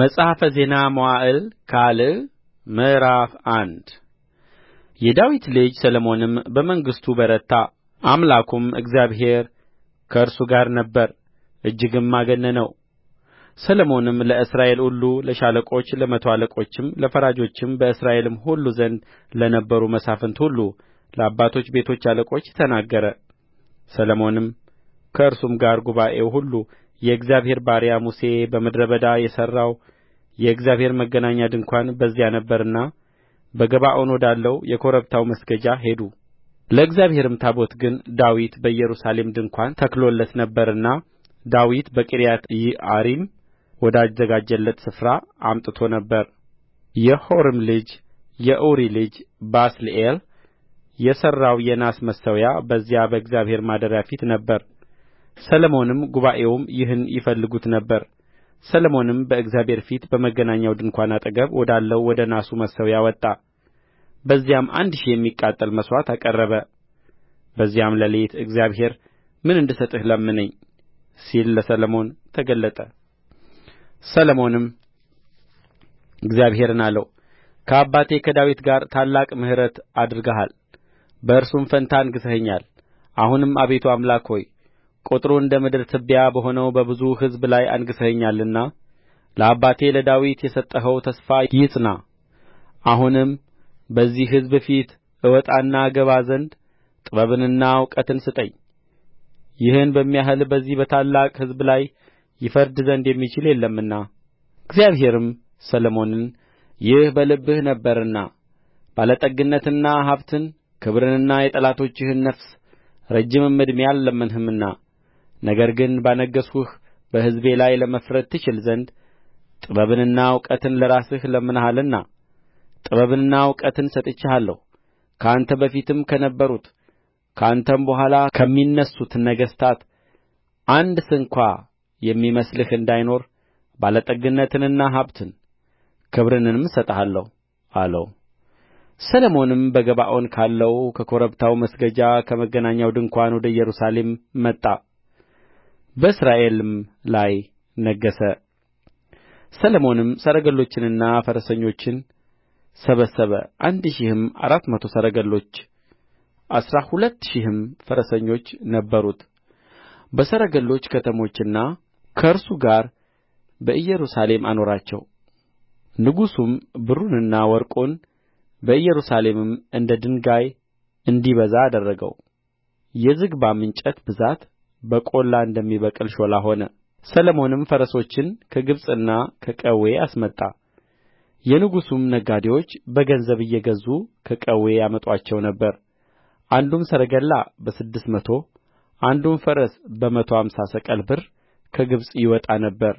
መጽሐፈ ዜና መዋዕል ካልዕ ምዕራፍ አንድ የዳዊት ልጅ ሰሎሞንም በመንግሥቱ በረታ አምላኩም እግዚአብሔር ከእርሱ ጋር ነበረ እጅግም አገነነው ሰሎሞንም ለእስራኤል ሁሉ ለሻለቆች ለመቶ አለቆችም ለፈራጆችም በእስራኤልም ሁሉ ዘንድ ለነበሩ መሳፍንት ሁሉ ለአባቶች ቤቶች አለቆች ተናገረ ሰሎሞንም ከእርሱም ጋር ጉባኤው ሁሉ የእግዚአብሔር ባሪያ ሙሴ በምድረ በዳ የሠራው የእግዚአብሔር መገናኛ ድንኳን በዚያ ነበረና በገባዖን ወዳለው የኮረብታው መስገጃ ሄዱ ለእግዚአብሔርም ታቦት ግን ዳዊት በኢየሩሳሌም ድንኳን ተክሎለት ነበርና ዳዊት በቂርያትይዓሪም ወዳዘጋጀለት ስፍራ አምጥቶ ነበር የሆርም ልጅ የኡሪ ልጅ ባስልኤል የሠራው የናስ መሠዊያ በዚያ በእግዚአብሔር ማደሪያ ፊት ነበር ሰሎሞንም ጉባኤውም ይህን ይፈልጉት ነበር ሰሎሞንም በእግዚአብሔር ፊት በመገናኛው ድንኳን አጠገብ ወዳለው ወደ ናሱ መሠዊያ ወጣ በዚያም አንድ ሺህ የሚቃጠል መሥዋዕት አቀረበ በዚያም ሌሊት እግዚአብሔር ምን እንድሰጥህ ለምነኝ ሲል ለሰሎሞን ተገለጠ ሰሎሞንም እግዚአብሔርን አለው ከአባቴ ከዳዊት ጋር ታላቅ ምሕረት አድርገሃል በእርሱም ፋንታ አንግሠኸኛል አሁንም አቤቱ አምላክ ሆይ ቍጥሩ እንደ ምድር ትቢያ በሆነው በብዙ ሕዝብ ላይ አንግሠኸኛልና ለአባቴ ለዳዊት የሰጠኸው ተስፋ ይጽና አሁንም በዚህ ሕዝብ ፊት እወጣና እገባ ዘንድ ጥበብንና እውቀትን ስጠኝ ይህን በሚያህል በዚህ በታላቅ ሕዝብ ላይ ይፈርድ ዘንድ የሚችል የለምና እግዚአብሔርም ሰሎሞንን ይህ በልብህ ነበርና ባለጠግነትና ሀብትን ክብርንና የጠላቶችህን ነፍስ ረጅምም ዕድሜ አልለመንህምና ነገር ግን ባነገሥሁህ በሕዝቤ ላይ ለመፍረድ ትችል ዘንድ ጥበብንና እውቀትን ለራስህ ለምነሃልና ጥበብንና እውቀትን ሰጥቼሃለሁ ከአንተ በፊትም ከነበሩት ከአንተም በኋላ ከሚነሡት ነገሥታት አንድ ስንኳ የሚመስልህ እንዳይኖር ባለጠግነትንና ሀብትን ክብርንም እሰጥሃለሁ አለው ሰሎሞንም በገባዖን ካለው ከኮረብታው መስገጃ ከመገናኛው ድንኳን ወደ ኢየሩሳሌም መጣ በእስራኤልም ላይ ነገሠ ሰሎሞንም ሰረገሎችንና ፈረሰኞችን ሰበሰበ አንድ ሺህም አራት መቶ ሰረገሎች አሥራ ሁለት ሺህም ፈረሰኞች ነበሩት በሰረገሎች ከተሞችና ከእርሱ ጋር በኢየሩሳሌም አኖራቸው ንጉሡም ብሩንና ወርቁን በኢየሩሳሌምም እንደ ድንጋይ እንዲበዛ አደረገው የዝግባም እንጨት ብዛት በቈላ እንደሚበቅል ሾላ ሆነ ሰሎሞንም ፈረሶችን ከግብጽና ከቀዌ አስመጣ የንጉሡም ነጋዴዎች በገንዘብ እየገዙ ከቀዌ ያመጡአቸው ነበር አንዱም ሰረገላ በስድስት መቶ አንዱም ፈረስ በመቶ አምሳ ሰቅል ብር ከግብጽ ይወጣ ነበር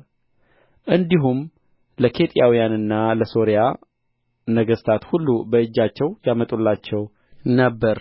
እንዲሁም ለኬጢያውያንና ለሶርያ ነገሥታት ሁሉ በእጃቸው ያመጡላቸው ነበር